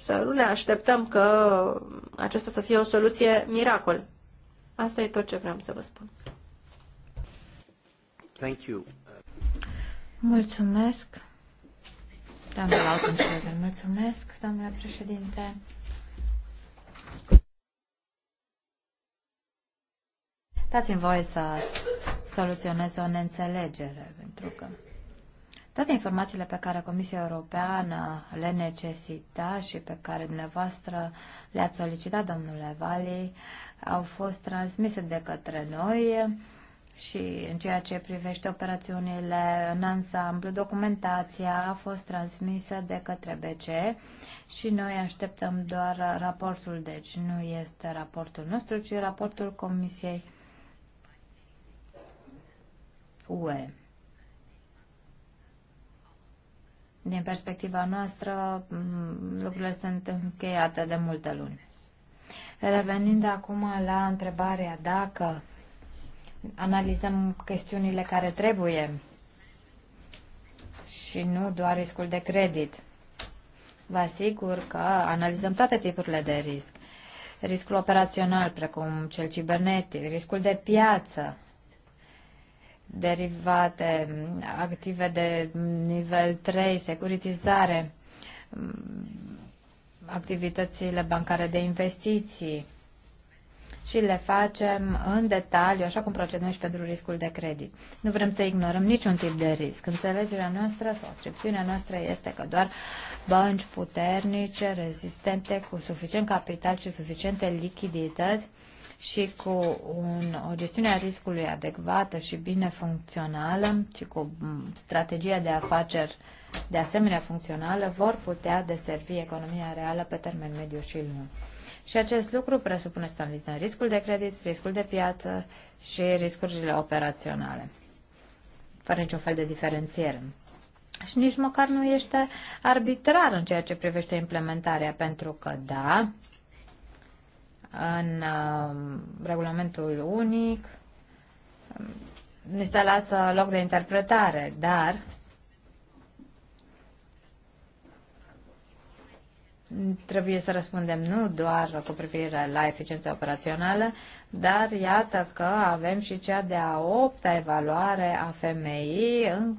C: să nu ne așteptăm că aceasta să fie o soluție miracol.
A: Asta e tot ce vreau să vă spun. Thank you. Mulțumesc. Doamna Lautenschläger, mulțumesc, domnule președinte. Dați-mi voie să soluționez o neînțelegere, pentru că toate informațiile pe care Comisia Europeană le necesita și pe care dumneavoastră le-ați solicitat, domnule Vali, au fost transmise de către noi și în ceea ce privește operațiunile în ansamblu, documentația a fost transmisă de către BCE și noi așteptăm doar raportul, deci nu este raportul nostru, ci raportul Comisiei UE. Din perspectiva noastră, lucrurile sunt încheiate de multe luni. Revenind acum la întrebarea dacă analizăm chestiunile care trebuie și nu doar riscul de credit. Vă asigur că analizăm toate tipurile de risc. Riscul operațional, precum cel cibernetic, riscul de piață, derivate, active de nivel 3, securitizare, mm, activitățile bancare de investiții și le facem în detaliu, așa cum procedăm și pentru riscul de credit. Nu vrem să ignorăm niciun tip de risc. Înțelegerea noastră sau accepțiunea noastră este că doar bănci puternice, rezistente, cu suficient capital și suficiente lichidități și cu un, o gestiune a riscului adecvată și bine funcțională și cu strategia de afaceri de asemenea funcțională vor putea deservi economia reală pe termen mediu și lung. Și acest lucru presupune stabilizarea riscul de credit, riscul de piață și riscurile operaționale, fără niciun fel de diferențiere. Și nici măcar nu este arbitrar în ceea ce privește implementarea, pentru că, da, în um, regulamentul unic, ni se lasă loc de interpretare, dar trebuie să răspundem nu doar cu privire la eficiența operațională, dar iată că avem și cea de-a opta evaluare a FMI în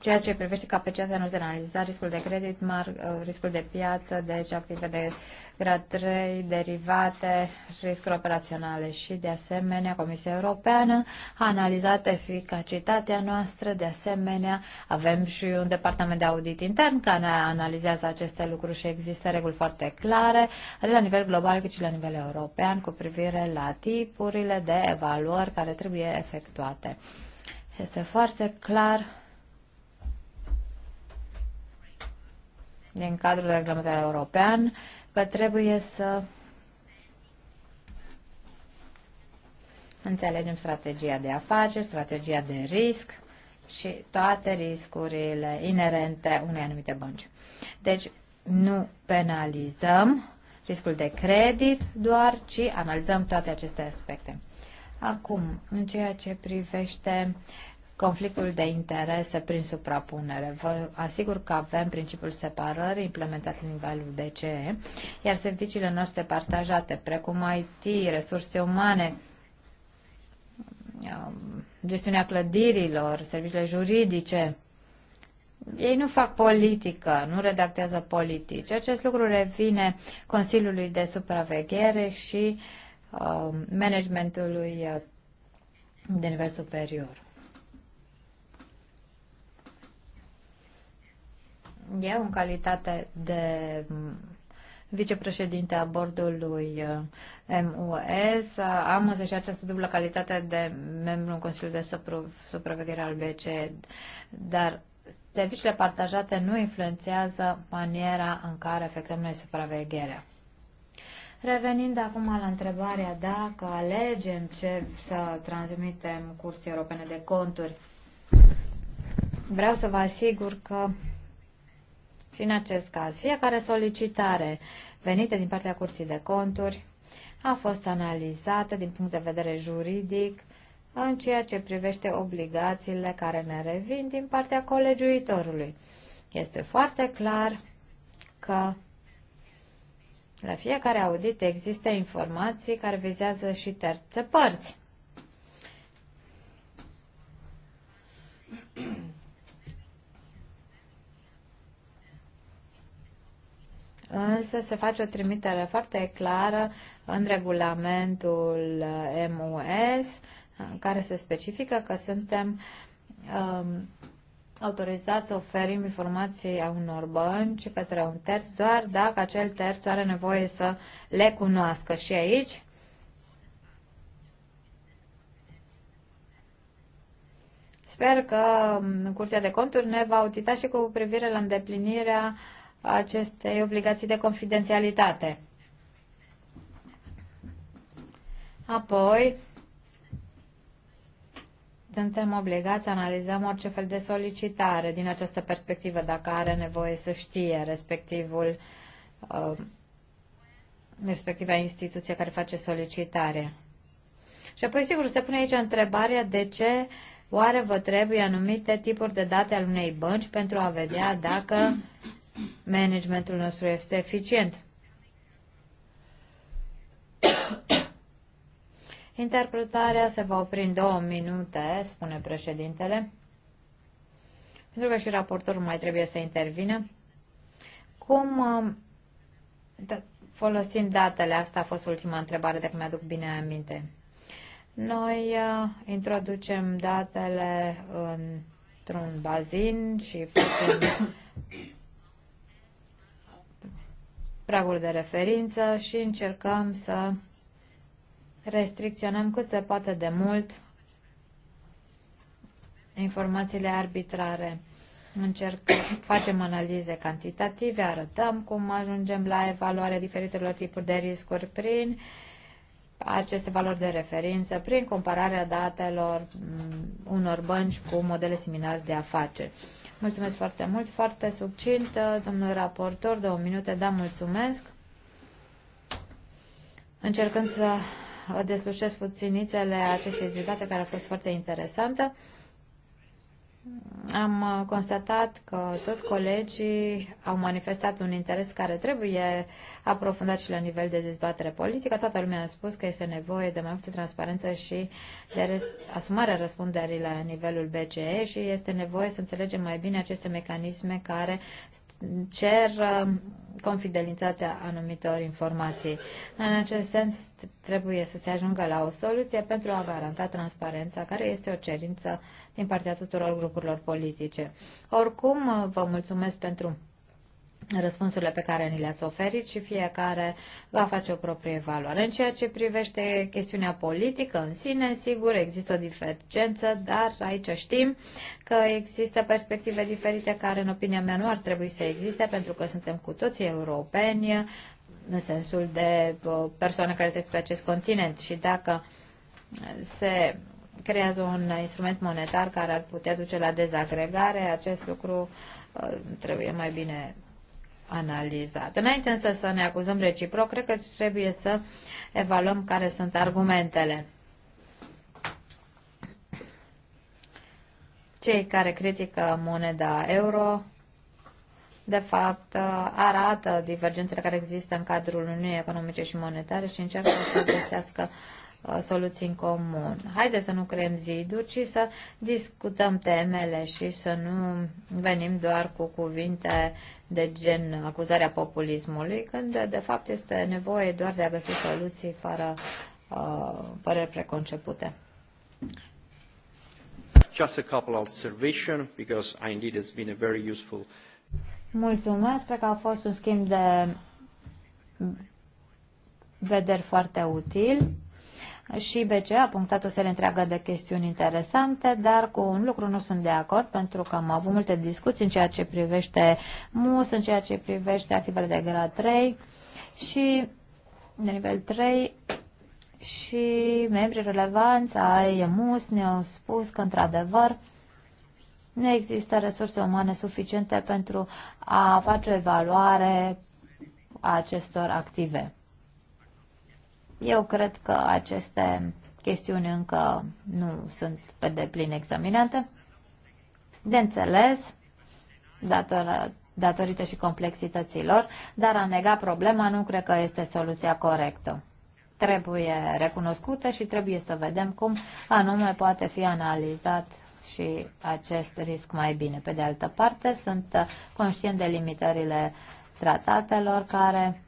A: ceea ce privește capacitatea noastră de analiza riscul de credit, mar, uh, riscul de piață, deci active de grad 3, derivate, riscuri operaționale și, de asemenea, Comisia Europeană a analizat eficacitatea noastră, de asemenea, avem și un departament de audit intern care analizează aceste lucruri și există reguli foarte clare, atât la nivel global cât și la nivel european, cu privire la tipurile de evaluări care trebuie efectuate. Este foarte clar din cadrul reglementării european că trebuie să înțelegem strategia de afaceri, strategia de risc și toate riscurile inerente unei anumite bănci. Deci nu penalizăm riscul de credit doar, ci analizăm toate aceste aspecte. Acum, în ceea ce privește conflictul de interese prin suprapunere. Vă asigur că avem principiul separării implementat la nivelul DCE, iar serviciile noastre partajate, precum IT, resurse umane, um, gestiunea clădirilor, serviciile juridice, ei nu fac politică, nu redactează politici. Acest lucru revine Consiliului de Supraveghere și um, uh, managementului de nivel superior. Eu, în calitate de mm, vicepreședinte a bordului eh, MUS, am însă și această dublă calitate de membru în Consiliul de Supraveghere al BCE, dar serviciile partajate nu influențează maniera în care efectuăm noi supravegherea. Revenind acum la întrebarea dacă alegem ce să transmitem curții europene de conturi, vreau să vă asigur că și în acest caz, fiecare solicitare venită din partea Curții de Conturi a fost analizată din punct de vedere juridic în ceea ce privește obligațiile care ne revin din partea colegiuitorului. Este foarte clar că la fiecare audit există informații care vizează și terțe părți. însă se face o trimitere foarte clară în regulamentul MUS, în care se specifică că suntem um, autorizați să oferim informații a unor bănci către un terț doar dacă acel terț are nevoie să le cunoască. Și aici Sper că um, Curtea de Conturi ne va audita și cu privire la îndeplinirea uh, acestei obligații de confidențialitate. Apoi, suntem obligați să analizăm orice fel de solicitare din această perspectivă, dacă are nevoie să știe respectivul, uh, respectiva instituție care face solicitare. Și apoi, sigur, se pune aici întrebarea de ce oare vă trebuie anumite tipuri de date al unei bănci pentru a vedea dacă managementul nostru este eficient. Interpretarea se va opri în două minute, spune președintele, pentru că și raportorul mai trebuie să intervină. Cum um, da, folosim datele? Asta a fost ultima întrebare, dacă mi-aduc bine aminte. Noi uh, introducem datele într-un bazin și facem pragul de referință și încercăm să restricționăm cât se poate de mult informațiile arbitrare. Încercăm, facem analize cantitative, arătăm cum ajungem la evaluarea diferitelor tipuri de riscuri prin aceste valori de referință, prin compararea datelor mm, unor bănci cu modele similare de afaceri. Mulțumesc foarte mult, foarte succint, domnul raportor, două minute, da, mulțumesc. Încercând să deslușesc puținițele acestei dezbatere care a fost foarte interesantă am uh, constatat că toți colegii au manifestat un interes care trebuie aprofundat și la nivel de dezbatere politică. Toată lumea a spus că este nevoie de mai multă transparență și de asumarea răspunderii la nivelul BCE și este nevoie să înțelegem mai bine aceste mecanisme care cer uh, confidențialitatea anumitor informații. În acest sens, trebuie să se ajungă la o soluție pentru a garanta transparența, care este o cerință din partea tuturor grupurilor politice. Oricum, uh, vă mulțumesc pentru răspunsurile pe care ni le-ați oferit și fiecare va face o proprie evaluare. În ceea ce privește chestiunea politică în sine, sigur, există o divergență, dar aici știm că există perspective diferite care, în opinia mea, nu ar trebui să existe pentru că suntem cu toții europeni în sensul de persoane care trăiesc pe acest continent și dacă se creează un instrument monetar care ar putea duce la dezagregare, acest lucru trebuie mai bine analizat. Înainte însă să ne acuzăm reciproc, cred că trebuie să evaluăm care sunt argumentele. Cei care critică moneda euro, de fapt, arată divergențele care există în cadrul Uniunii Economice și Monetare și încearcă să găsească uh, soluții în comun. Haideți să nu creăm ziduri, ci să discutăm temele și să nu venim doar cu cuvinte de gen acuzarea populismului, când de fapt este nevoie doar de a găsi soluții fără uh, păreri preconcepute.
C: Just a couple of observations, because indeed it's been a very useful...
A: Mulțumesc, cred că a fost un schimb de vederi foarte util și BCE a punctat o serie întreagă de chestiuni interesante, dar cu un lucru nu sunt de acord, pentru că am avut multe discuții în ceea ce privește MUS, în ceea ce privește activele de grad 3 și de nivel 3 și membrii relevanți ai MUS ne-au spus că, într-adevăr, nu există resurse umane suficiente pentru a face o evaluare a acestor active. Eu cred că aceste chestiuni încă nu sunt pe deplin examinate. De înțeles, datoră, datorită și complexităților, dar a nega problema nu cred că este soluția corectă. Trebuie recunoscută și trebuie să vedem cum anume poate fi analizat și acest risc mai bine. Pe de altă parte, sunt conștient de limitările tratatelor care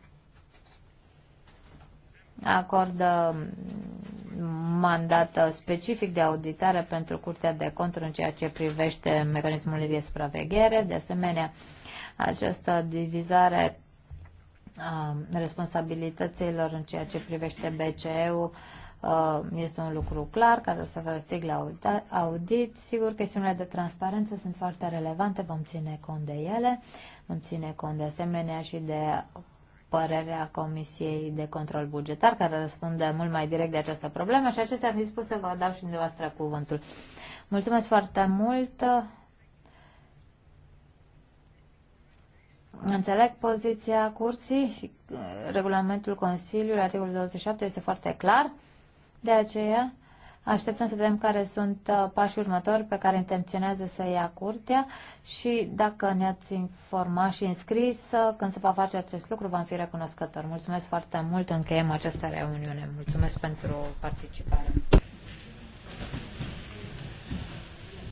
A: acordă mandat specific de auditare pentru Curtea de Conturi în ceea ce privește mecanismul de supraveghere. De asemenea, această divizare a responsabilităților în ceea ce privește BCE-ul este un lucru clar care o să vă răstig la audit. Sigur, chestiunile de transparență sunt foarte relevante, vom ține cont de ele, vom ține cont de asemenea și de părerea Comisiei de Control Bugetar, care răspunde mult mai direct de această problemă și acestea fiind spuse, vă dau și dumneavoastră cuvântul. Mulțumesc foarte mult! Înțeleg poziția curții și uh, regulamentul Consiliului, articolul 27, este foarte clar. De aceea Așteptăm să vedem care sunt uh, pașii următori pe care intenționează să ia curtea și dacă ne-ați informa și înscris uh, când se va face acest lucru, vom fi recunoscători. Mulțumesc foarte mult, încheiem această reuniune. Mulțumesc pentru participare.